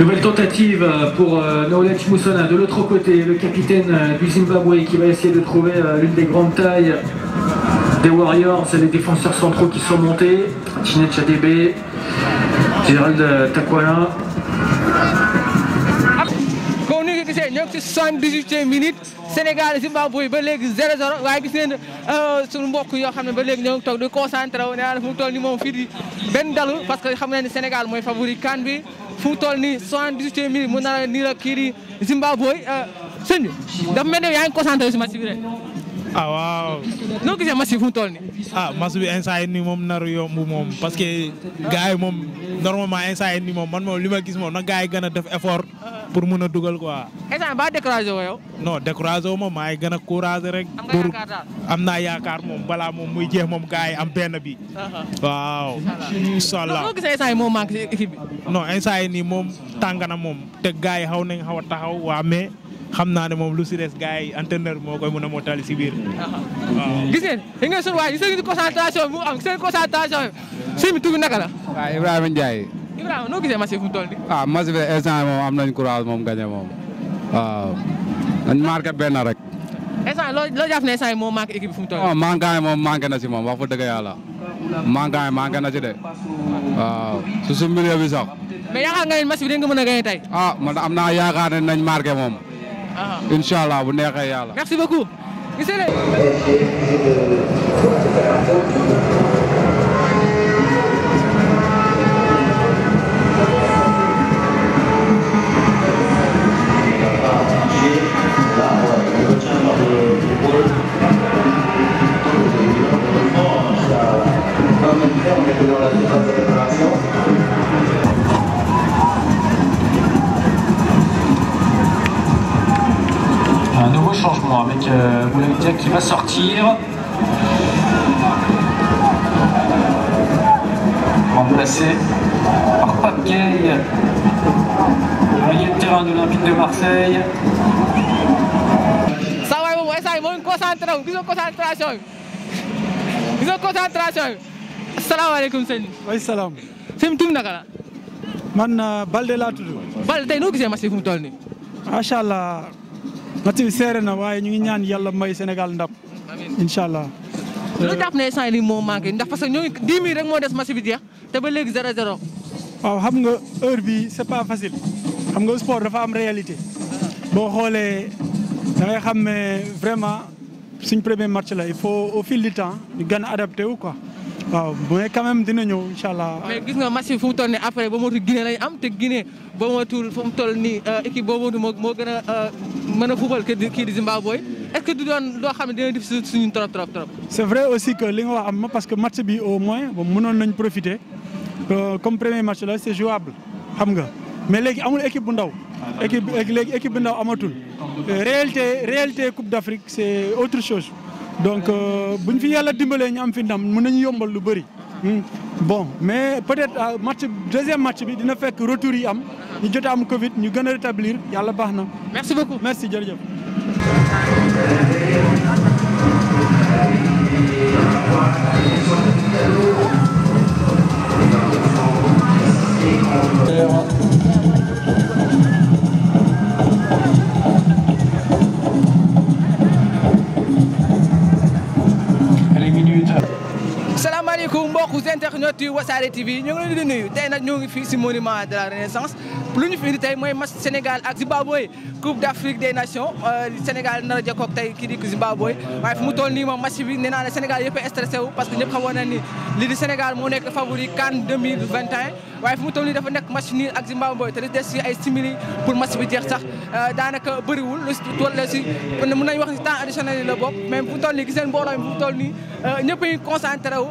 Nouvelle tentative euh, pour Knowledge euh, Moussona. De l'autre côté, le capitaine euh, du Zimbabwe qui va essayer de trouver l'une des grandes tailles des Warriors et des défenseurs centraux qui sont montés. Tinet Chadebe, Gérald euh, Takwala. comme ni nga gisee ñoo ngi Zimbabwe ba léegi 0-0 waaye gis ngeen euh, suñu mbokk yoo xam ne ba léegi ñoo ngi toog di concentré wu ne yàlla fu mu toll nii moom di benn dalu parce que xam na ne Sénégal mooy favori CAN bi fu mu toll nii 78e minute mu kii Zimbabwe euh, sëñ bi dafa mel ne yaa ngi concentré si match bi ah waaw. noo gisee match bi fu mu toll nii. ah match bi instant yii nii moom naru yomb moom parce que gars yi moom normalement instant yii man moom li ma gis moom na gars yi gën a def effort pour mun a dugal quoi. instant ba découragé woo yow. non découragé wu ma maa a couragé rek. pour am yaakaar moom balaa moom muy jeex moom am benn bi. Uh-huh. waaw. incha allah noo gisee instant yii moom bi. non instant te gars yi xaw nañ xaw a taxaw waa xam naa ne moom lu si des gars yi entraîneur moo koy mën a mottali si biir. waaw gis ngeen li ngeen sunu waay gis ngeen concentration bu am bi sëñ bi tur bi naka la. waaw Ibrahima Ndiaye. Ibrahima noo moom am nañ courage moom gagné moom waaw benn rek. loo loo jàpp ne instant moo manqué équipe bi fu mu toll nii. manqué na si moom wax fa dëgg yàlla manqué manqué na si de waaw su suñu milieu bi sax. a gagné ah, moom. Ah. incha allah bu neexee yàlla. merci beaucoup. on était dans la phase de préparation. nouveau changement avec euh, Boulaïdia qui va sortir. Remplacé par Pape Gay, de terrain de l'Olympique de Marseille. Ça va, ça va, bonne concentration, bonne concentration. Bonne concentration. Assalamu alaikum sëñ bi. waay salaam. sëñ bi tur naka la. man euh, Balde laa tudd. Balde tey noo gisee match bi fu mu toll nii. macha allah. match bi serré na waaye ñu ngi ñaan yàlla may Sénégal ndam incha allah. lu jàpp ne instant yii moo manqué ndax parce que ñoo ngi 10 minutes rek moo des match bi jeex te ba léegi 0-0. waaw xam nga heure bi c'est pas facile xam nga sport dafa am réalité boo xoolee da xam ne vraiment suñ premier match la il faut au fil du temps ñu gën a adapté wu quoi. waaw mais quand dina ñëw incha allah. mais gis nga match bi fu mu toll nii après ba motul Guinée lañ am te Guinée ba motul fu mu toll nii euh, équipe boobu moo moo gën a euh, mën a football kii di Zimbabwe est-ce doon loo xam ne dina difficile suñu trop trop trop. c'est vrai aussi que li nga wax am na parce que match bi au moins ba mënoon nañ profiter euh, comme premier match la c'est jouable xam nga mais léegi amul équipe bu ndaw. équipe léegi équipe bu ndaw amatul. réalité réalité Coupe d'Afrique c'est autre chose. donc euh, bu ñu fi yàlla dimbalee ñu am fi ndam mën nañu yombal lu bëri. Hmm. bon mais peut-être euh, match deuxième match bi dina fekk retour yi am ñu jot am Covid ñu gën a rétablir yàlla baax na. merci beaucoup merci jërëjëf. mbokku internet yu Wassare TV ñu ngi leen ñoo ngi fii si monument de la renaissance lu ñu fi indi tey mooy match Sénégal ak Zimbabwe coupe d' Afrique des euh, Sénégal nar a jokkoog tey kii Zimbabwe waaye fu mu toll nii moom match bi nee Sénégal yëpp a stressé wu parce que ñëpp xamoon na ni lii Sénégal moo nekk favori CAN 2021 waaye fu mu toll nii dafa nekk match ak Zimbabwe te des si ay simili pour match bi jeex sax euh, daanaka bëriwul lu si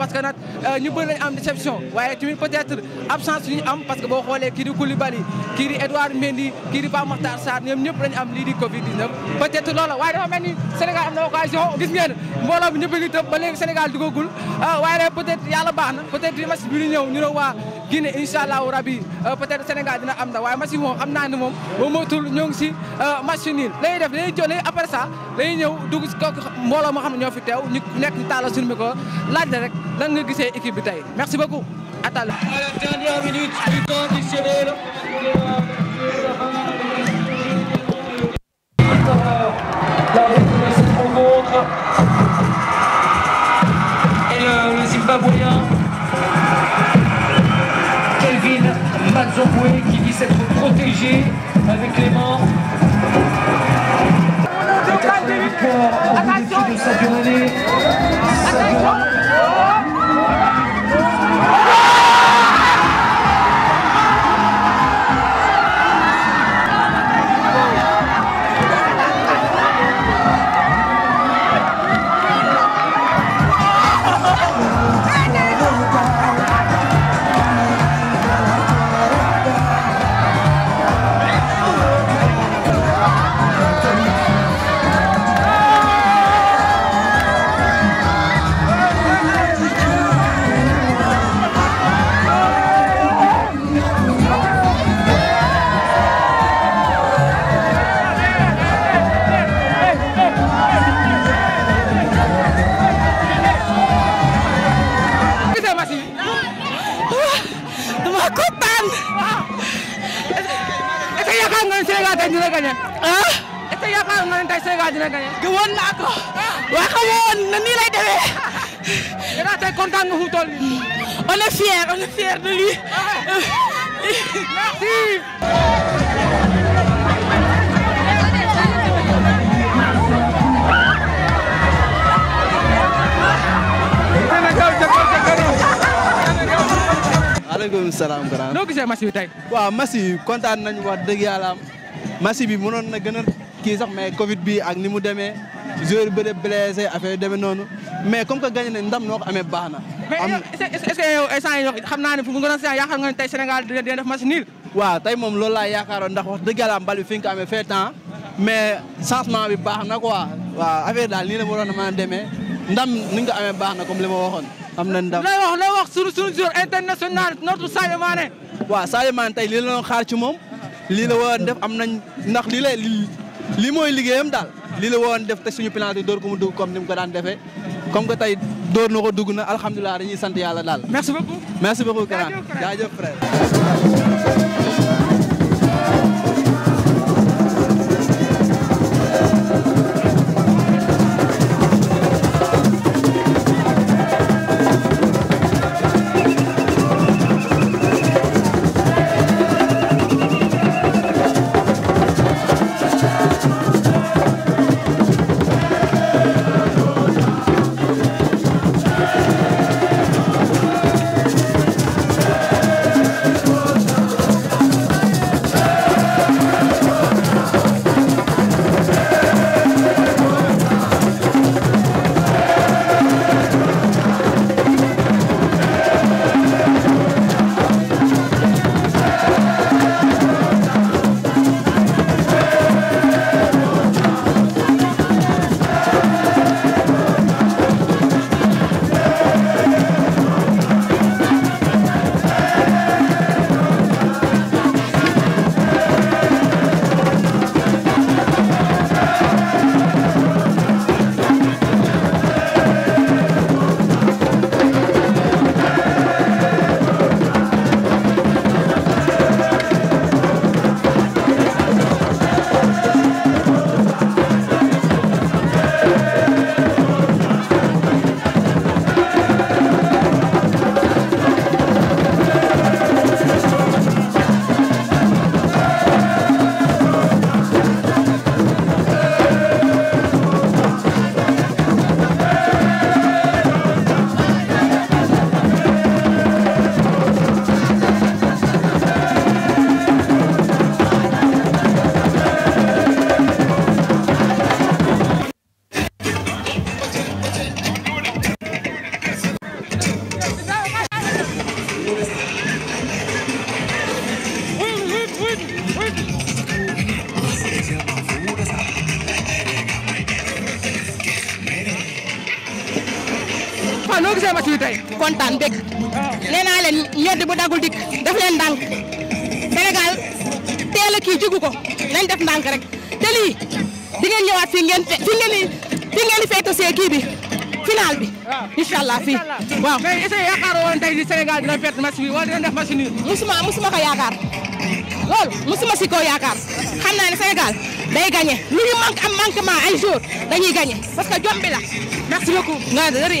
wax ni temps Euh, ñu bëri lañ am déception waaye tamit peut-être absence am parce boo xoolee kii di Koulibaly kii di Edouard Mendy kii di Pape Makhtar am lii di Covid 19. peut waaye dafa mel ni am na occasion gis ngeen mbooloo bi ñëpp a ngi tëb euh, waaye nag peut-être yàlla baax na peut ñu ne waa Guinée incha allahu rabi euh, peut Sénégal dina am na waaye match bi moom xam naa ne moom ba motul ñoo ngi si euh, match nul lañuy def lañuy jël lañuy après ça ñëw dugg si kooku mbooloo moo xam ne ñoo fi teew nekk ñu taalal suñu ko laaj la rek lan nga gisee équipe bi tey merci beaucoup à tout à Zoboué qui dit s'être protégé avec les mains. Attention, attention, attention. dina gagné. ah. est ce que yaakaar nga ne tey ah! na nii lay demee. fier de lui. Ah merci. maaleykum salaam grand. noo gisee match kontaan nañu wax dëgg yàlla match bi mënoon na gën a kii sax mais Covid bi ak ni mu demee joueur bëre blessé affaire demee noonu mais comme que gagné nañ ndam noo ko amee baax na. mais est naa ne fu mu gën a saa yaakaar nga ne tey Sénégal dina def match nul. waaw tey moom loolu laa yaakaaroon ndax wax dëgg yàlla mbal bi fi nga ko amee fee temps mais changement bi baax na quoi waaw affaire daal nii la waroon na mën a ndam ni nga ko baax na kom li ma waxoon. am na ndam looy wax looy wax sunu sunu joueur international notre Sadio Mané. waaw Sadio moom. lii la waroon def am nañ ndax lii la lii mooy liggéeyam daal lii la waroon def te suñu penalty dóor ko mu dugg comme ni mu ko daan defee comme que tey dóor na ko dugg na alhamdulilah dañuy sant yàlla daal. merci beaucoup merci beaucoup Kara jaajëf frère. kontaan bég nee naa leen ñoddi bu dagul dikk daf leen ndànk Sénégal teel a kii ko nañ def ndànk rek te lii di ngeen ñëwaat fii ngeen fi ngeen ngeen di feetu see kii bi final bi ah. incha allah fii waaw. mais est-ce bi wala dina def match nii. musuma musuma ko yaakaar loolu musuma si koo yaakaar xam naa ne Sénégal day gagné lu ñu manque am manquement ay jours dañuy gagné parce que jom bi la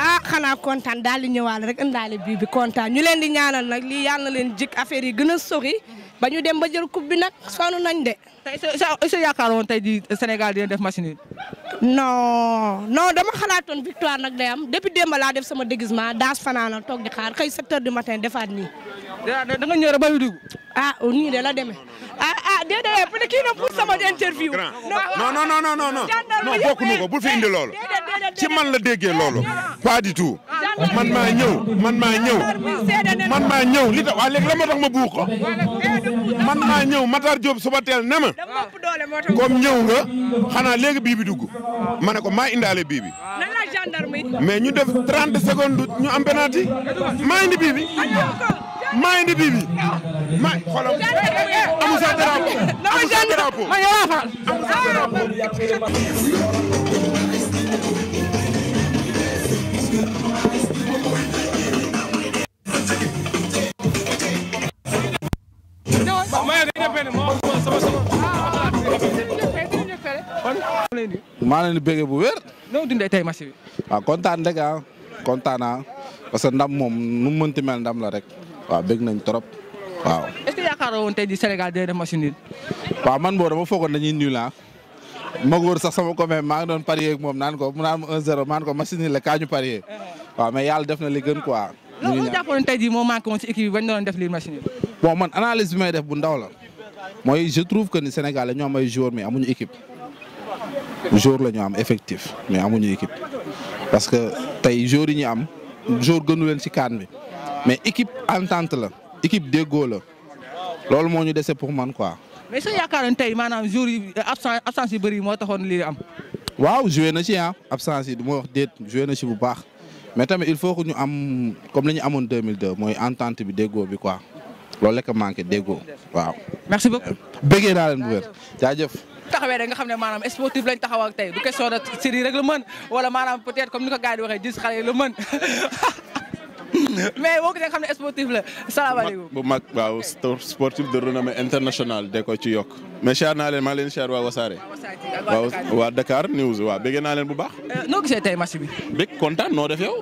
ah xanaa kontaan daal di ñëwaale rek indaale bii bi kontaan ñu leen di ñaanal nag lii yàlla na leen jik affaire yi gën a sori ba ñu dem ba jël coupe bi nag sonn nañ de. tey sa sa yaakaaroon tey di Sénégal dina def machine yi. non non dama xalaatoon victoire nag day am depuis démb laa def sama déguisement daas fanaana toog di xaar xëy secteur heures du matin defaat nii. da nga ñëw dugg ah oh, nii de la demee ah ah déedéet bu ne kii na pour sama interview. non non non non non non bokkuñu ko bu fi indi loolu. ci man la déggee loolu. pas du tout. man maa ñëw man maa ñëw. man maa ñëw li tax waa léegi la ma buux ko. man maa ñëw Matar Diop suba teel ne ma. comme ñëw nga xanaa léegi bii bi dugg. ma ne ko maa indaale bii bi. mais ñu def 30 secondes ñu am maa indi bii maa indi bii bi ma xoolal amul sa drapeau amul sa bu wér. noo dundee tey match bi. Ah, kontaan rek ah kontaan naa ah. parce que ndam moom nu mu mënti mel ndam la rek. waaw bëgg nañ trop waaw. est-ce que yaakaaroon woon tey jii Sénégal day def match nul. waaw man boo dama foogoon dañuy nul ah. ma góor sax sama copain maa ngi doon parier moom naan ko mu naan ma 1-0 maan ko match nul la kaa ñu parier. waaw mais yàlla def na li gën quoi. ñu ngi ñaan loolu jàppoon tey jii moo manqué woon si équipe bañ doon def lii match nul. bon man analyse bi def bu ndaw la mooy je trouve que ni Sénégal dañoo am ay joueurs mais ñu équipe. joueur la ñu am effectif mais amuñu équipe parce que tey joueurs yi ñu am joueur gënu leen si kaan bi mais équipe entente la équipe déggoo la loolu moo ñu dese man quoi. mais sa yaakaaroon tey maanaam jour yi eh, absence absence yu moo taxoon lii am. waaw joué ci ah absence yi du ma wax déet joué na ci bu baax mais tamit il faut que ñu am comme la ñu amoon 2002 mooy entente bi déggoo bi quoi loolu la ko manqué déggoo waaw. merci beaucoup mais boo ko xam ne sportif la salaamaaleykum. bu mag waaw sportif de renommée international de ko ci yokk. mais siyaar naa leen maa leen siyaar waa Wasaare. waaw waa Dakar News waaw bëggee naa leen bu baax. Euh, noo gisee tey match bi. bëgg kontaan noo def yow.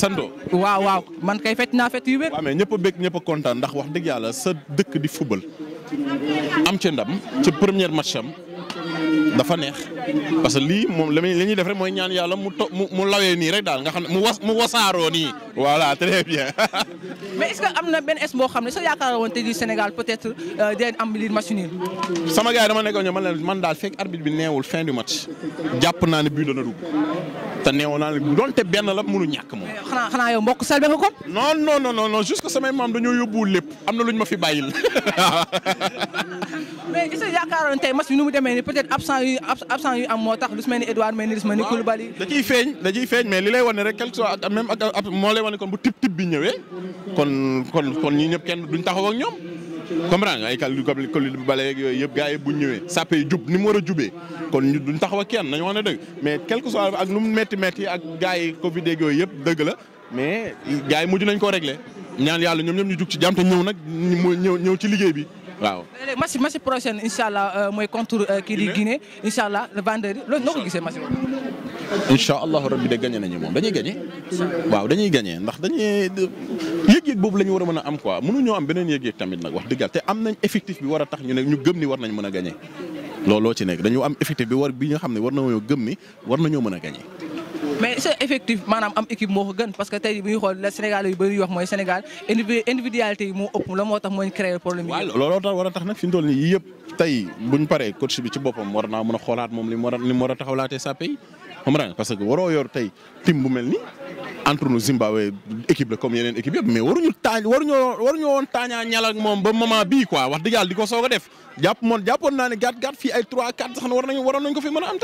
sando waaw waaw man kay fecc naa fecc yu bëri. waaw ñëpp a ñëpp kontaan ndax wax dëgg yàlla sa dëkk di football am ci ndam ci première match am. dafa neex parce que lii moom li ñuy ñaan yàlla mu to rek daal mu was mu wasaaroo bien. mais est-ce que am na benn boo xam ne soo yaakaaroon te du Sénégal peut euh, sama gars yi dama nekkoon man leen man daal fekk arbitre bi neewul fin du match jàpp naa ne bii dana dugg te neewoon naa ne la mënu ñàkk moom. xanaa xanaa yow mbokk selbe ko. non non non non non jusque samay maam dañoo yóbbuwul lépp am fi bàyyil. mais est-ce que yaakaaroon tey match bi mu demee nii peut-être yu absent yu am moo tax lu si mel ni Edouard mel ni ni rek moo lay wane kon bu tib tib bi ñëwee kon kon kenn duñ taxaw ñoom comprendre nga ay kal Koulibaly yeeg yooyu yëpp gars yi buñ ñëwee sàppe yi jub ni mu war jubee kon duñ taxaw kenn nañu wax ne dëgg mais quelque soit ak nu mu métti métti ak gars yi Covid yeeg yooyu yëpp dëgg la mais gars yi mujj nañ koo réglé ñaan yàlla ñoom ñoom ñu jug ci jàmm te ñëw nag ñëw ci liggéey bi waaw léegi match match prochaine incha euh, mooy contre euh, kii di Guinée incha allah le vendredi loolu noo ko gisee match incha allahu rabbi de gañe nañu moom dañuy gagné. waaw dañuy gañee ndax dañuy yëg-yëg boobu lañu war a mën a am quoi mënuñoo am beneen yëg-yëg tamit nag wax dëggal te am nañ effectif bi war a tax ñu ne ñu gëm ni war nañ mën a gagné. looloo ci nekk dañu am effectif bi war bi nga xam ne war nañoo gëm ni war nañoo mën a gagné mais c'est effectif maanaam am équipe moo ko gën parce que tey bu ñuy xool la Sénégal yu bëri wax mooy Sénégal individualité yi moo ëpp moo tax moo ñu créé problème yi. waaw looloo tax war a tax nag fi mu toll nii yëpp tey bu ñu paree bi ci boppam war naa a xoolaat moom li mu war a li mu war a taxawlaatee sa pays xam parce que waroo yor tey tim bu mel nii entre Zimbabwe équipe la comme yeneen équipe yëpp mais waruñu woon taañaa ñal moom ba moment bii quoi wax dëgg yàlla di def jàpp moon jàppoon naa ay 3 4 sax na war ko fi mën a am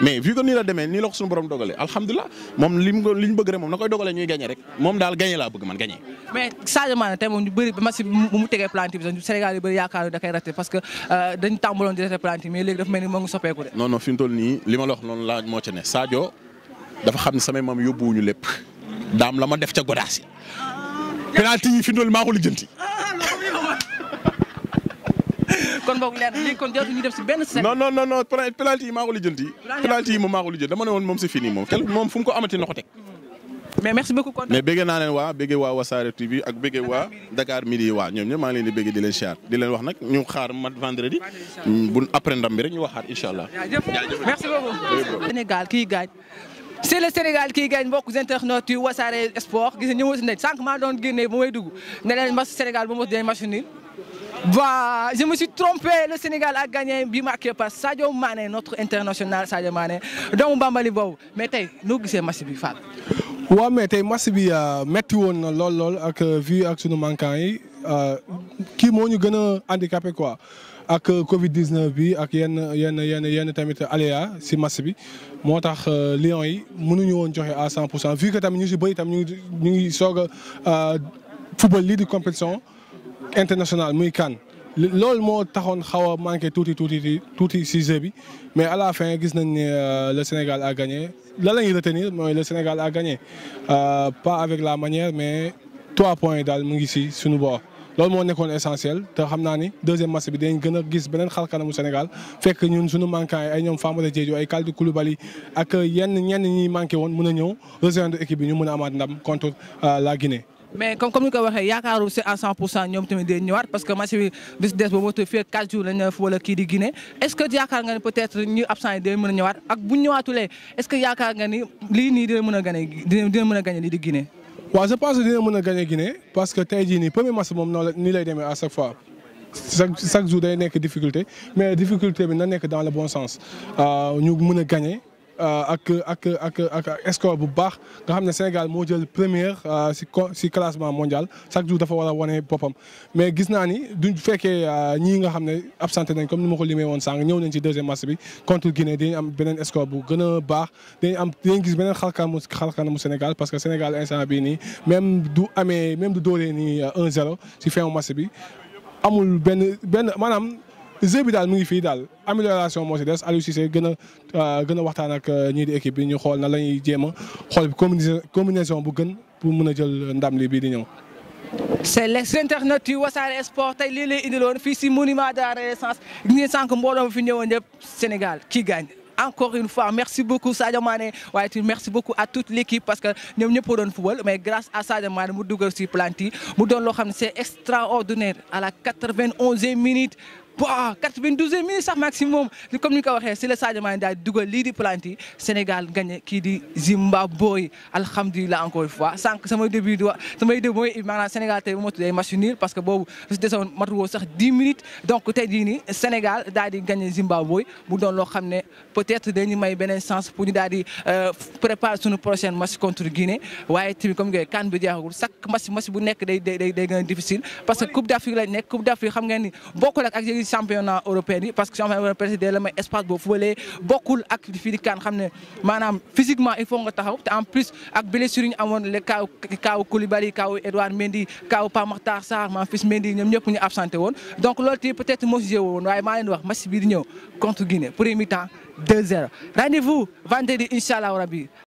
mais vu que nii la demee nii la ko suñu borom dogalee alhamdulilah moom li mu li ñu ñuy gagné rek moom daal gagné laa man gagné. mais Sadio Mané tey moom ñu bëri ba match bi mu mu tegee plante bi parce que euh, dañ tàmbaloon di dafa xam ne samay maam ñu lépp daam la ma def ca godaas yi penalti yi fi ndool maa ko lijjanti kon boog na kon jotuñu def si benn set. non non non non penalti yi maa moom maa ko lijjanti dama ne woon moom c'est fini moom kenn moom fu mu ko amati noxo teg. mais merci beaucoup kontaan mais naa ne waa bëggee waa Wassare TV ak bëggee waa Dakar Midi waa ñoom ñëpp maa leen di bëggee di leen siyaar di leen wax nag ñu xaar mat vendredi. Mm, bu après ndam bi rek ñu waxaat incha allah. c'est le Sénégal qui gagne mbokk internautes yu Wassare Sport gis nga ñëwoon si nañ sànq maa doon génnee ba may dugg ne leen match Sénégal ba mos dee match nul waa je me suis le Sénégal ak gagné bi marqué par Sadio Mané notre international Sadio Mané doomu Bambali boobu mais tey noo gisee match bi Fall. waaw mais tey match bi euh, metti woon na lool lool ak euh, vie ak sunu manquant yi euh, kii moo ñu gën a handicapé quoi ak Covid 19 bi ak yenn yenn yenn yenn tamit aléa si match bi. moo tax euh, Lions yi mënuñu woon joxe à 100 pour cent vu que ñu si bëri tam ñu ngi ñu ngi soog a euh, football lii di compétition internationale muy CAN. loolu moo taxoon xaw a manqué tuuti tuuti tuuti si jeu bi mais à la fin gis nañ ne euh, le Sénégal a gagné lala la ñuy retenir le Sénégal a gagné pas avec la manière mais trois points daal mu ngi si suñu boo loolu moo nekkoon essentiel te xam naa ni deuxième match bi dañ gën a gis beneen xar Sénégal fekk ñun suñu manquant ay ñoom Famara Diédhiou ay Kalidou Koulibaly ak yenn ñi manqué woon a ñëw rejoindre équipe bi ñu mën a amaat ndam contre euh, la Guinée. mais comme comme ni ko waxee yaakaaru c'est à 100 pour cent ñoom tamit day ñëwaat parce que match bi bis des ba motu fii ak 4 jours lañ def wala kii di Guinée est-ce que yaakaar a ñëwaat ak yaakaar nga ni lii a gagné dina mën a gagné lii di waa je pense que dina mën a gagné Guinée parce que tey jii nii premier match moom noonu la nii lay demee à chaque fois chaque chaque jour day nekk difficulté mais difficulté bi na nekk dans le bon sens ah, ñu mën a gagné. Euh, ak ak ak ak bu baax nga xam ne Sénégal moo jël première euh, si si classement mondial chaque jour dafa war a wane boppam. mais gis naa ni duñ fekkee euh, ñii nga xam ne absenté nañ comme ni ma ko limee woon sànq ñëw nañ ci deuxième match bi contre Guinée dañu am beneen score bu gën a baax dañu am dañu gis beneen xarkanamu xarkanamu Sénégal parce que Sénégal instant bi nii même du amee même du dóoree nii 1-0 ci fin match bi amul benn benn maanaam. jeu bi daal mu ngi fii daal amélioration moo si des Aliou Cissé gën a euh, gën a euh, équipe bi ñu xool na la ñuy a xool combinaison bu gën pour mën a jël ndam li bii di ñëw. c'est l'internet yu Wassare Sport tey lii lay indiloon fii si monument de la Renaissance ñu ngi sànq fi ñëwoon Sénégal kii gagne. encore une fois merci beaucoup Sadio Mané waaye tamit merci beaucoup à toute l'équipe parce que ñoom ñëpp a doon football mais grâce à Sadio Mané mu dugal si waaw 92e minute sax maximum comme ni ko waxee si la Sadio Mané daal dugal lii di planti Sénégal gagné kii di Zimbabwe alhamdulilah encore une fois sànq samay début di wa samay début mooy maanaam ma tuddee match nul parce que boobu su desoon matuwoo sax 10 minutes donc tey jii Sénégal daal di gagné Zimbabwe mu doon loo xam ne peut-être dañu may beneen sens pour ñu daal di euh, préparer suñu prochaine match contre Guinée waaye tamit comme que kan bi jeexagul chaque match match nekk day ci championnat européen parce que championnat européen si day espace boo fubalee bokkul ak fii kaan xam ne maanaam physiquement il faut nga taxaw en plus ak blessure yi amoon le kaaw kaaw Koulibaly kaaw Edouard Mendy kaaw Pape Makhtar Sarr Memphis Mendy ñoom ñëpp ñu absenté woon donc loolu tey peut être moo si woon waaye maa leen wax match ñëw contre Guinée premier temps 2-0 rendez vendredi incha allah